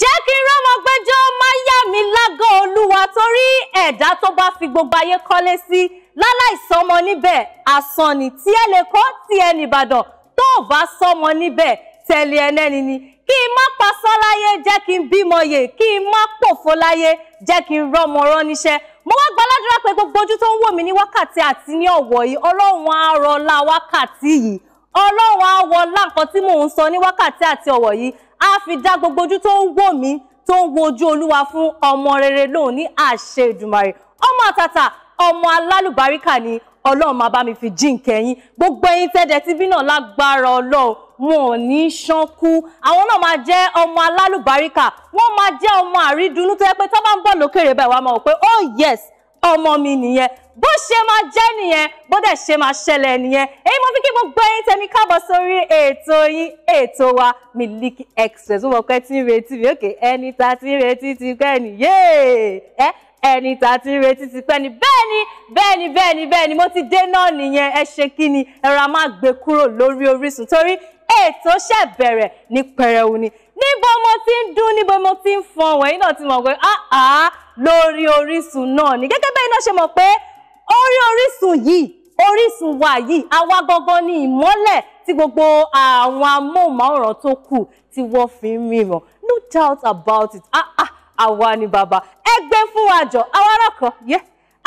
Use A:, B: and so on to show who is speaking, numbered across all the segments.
A: jẹ́ kí n rọ́mọ gbẹ́jọ́ máa yá mi lágọ̀ olúwa torí ẹ̀dá tó bá fi gbogbo ayé kọ́lé sí láláìsọmọ níbẹ̀ asán ni tí ẹ lè kọ́ tí ẹ nìbàdàn tó bá sọmọ níbẹ̀ tẹ̀lé ẹnẹ́ni ni kí n má pasán láyé jẹ́ kí n bímọ yè kí n má pòfo láyé jẹ́ kí n rọ́mọ rán mo wá gbàládúrà pé gbogbo ojú tó ń wò mí ní wákàtí àti ní ọ̀wọ̀ yìí ọlọ́run á rọ ọlá wákàtí yìí ọlọ́run á wọlá nǹkan tí mò ń sọ ní wákàtí àti ọ̀wọ̀ yìí á fi dá gbogbo ojú tó ń wò mí tó ń wojú olúwa fún ọmọ rere lóhùn ní àṣẹ ìdùmarè ọmọ àtàtà ọmọ alálùbáríkà ni ọlọ́run máa bá mi fi jí nkẹyìn gbogbo ẹyin tẹ́dẹ̀ tí bí náà lágbára ọlọ́run wọn ò ní ṣánkú àwọn náà máa jẹ́ ọmọ alálùbáríkà wọ́n máa jẹ́ ọmọ àrídùnnú tó yẹ pé tó bá ń bọ̀ lókèrè báyìí wàá máa wò pé oh yes ọmọ mi nìyẹn bó ṣe máa jẹ́ nìyẹn bó dẹ̀ ṣe máa ṣẹlẹ̀ nìyẹn èyí mo fi kí gbogbo ní káàbọ̀ sórí ètò yín ètò wa Miliki Express ó mọ̀ pé tí ń retí mi òkè ẹni tá a ti ń retí ti pẹ́ ni yéè ẹ ẹni tá a ti ń retí ti pẹ́ ni bẹ́ẹ̀ ni bẹ́ẹ̀ ni bẹ́ẹ̀ ni bẹ́ẹ̀ ni mo ti dé náà nìyẹn ẹ ṣe kí ni ẹ̀rọ a máa gbé kúrò lórí Orísun torí ètò ṣẹ̀ bẹ̀rẹ̀ ní pẹrẹwu ni níbo mo ti ń dún níbo mo ti ń fọn wọ̀nyí náà ti mọ̀ pé áà lórí Orísun náà ni gẹ́gẹ́ bẹ́ẹ̀ náà ṣe mọ̀ pé orí Orísun yìí Orísun wa yìí àwa gangan ni ìmọ́lẹ̀ tí gbogbo àwọn amóhùnmáwòrán tó kù tí wọ́n fi ń ríran no doubt about it ah ah àwa ni bàbá ẹgbẹ́ fún wa jọ àwa náà kọ́ yẹ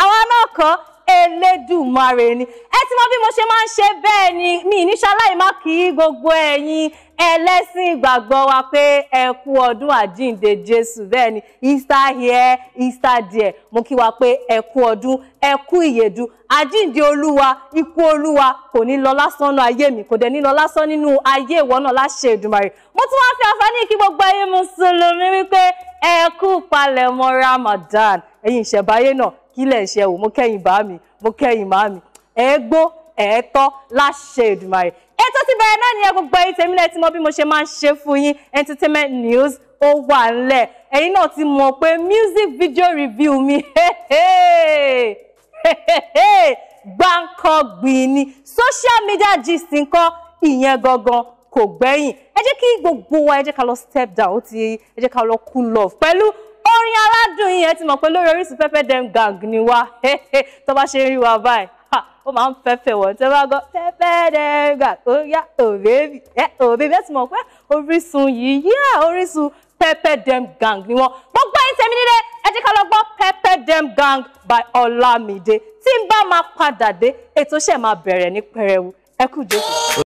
A: àwa náà kọ́ Elédùmarè ni ẹ ti mọ bí mo ṣe máa ń ṣe bẹ́ẹ̀ ni mi ní ṣaláì má í gbogbo ẹ̀yin ẹlẹ́sìn ìgbàgbọ́ wa pé ẹ kú ọdún àjíǹde Jésù bẹ́ẹ̀ ni Easter here Easter there mo kí wa pé ẹ kú ọdún ẹ kú ìyèdù àjíǹde Olúwa ikú Olúwa kò ní lọ lásán nínú ayé mi kò dẹ̀ ní lọ lásán nínú ayé ìwọ náà láṣẹ Èdùmàrè mo tún wá fi àǹfààní kí gbogbo ayé Mùsùlùmí wípé ẹ kú palẹ̀mọ́ Ramadan ẹ̀yin ìṣẹ̀báyé náà kí lẹ̀ ṣe o mo kẹ́yìn bá mi mo kẹ́yìn má mi ẹ gbọ́ ẹ tọ́ láṣẹ Èdùmàrè ètò ti bẹ̀rẹ̀ náà ni ẹ gbogbo ẹ̀yin tèmi lẹ́ẹ̀ tí mo bí mo ṣe máa ń ṣe fún yín entertainment news ó wà ńlẹ̀ ẹ̀yin náà ti mọ̀ pé music video review mi gbáǹkọ́ gbìn ni social media gist nǹkan ìyẹn gangan kò gbẹ̀yìn ẹ jẹ́ kí gbogbo wa ẹ jẹ́ ká lọ step down ó ti ẹ jẹ́ ká lọ cool off pẹ̀lú orin aládùn yìí ẹ ti mọ̀ pé lórí Orísun pẹ́pẹ́ dem gang ni wá tó bá ṣe ń rí wa báyìí ó máa ń fẹ́fẹ́ wọ̀ tẹ́ bá gọ́ pẹ́pẹ́ dem gang ó yá òbẹ́bí ẹ òbẹ́bí ẹ ti mọ̀ pé Orísun yìí yá Orísun pẹ́pẹ́ dem gang ni wọ́n gbogbo ẹ̀yin tẹ̀mí nílé ẹ jẹ́ ká lọ gbọ́ pẹ́pẹ́ dem gang by Ọlámídé tí n bá máa padà dé ètò ṣẹ̀ máa bẹ̀rẹ̀ ní pẹrẹwu ẹ kú jókòó.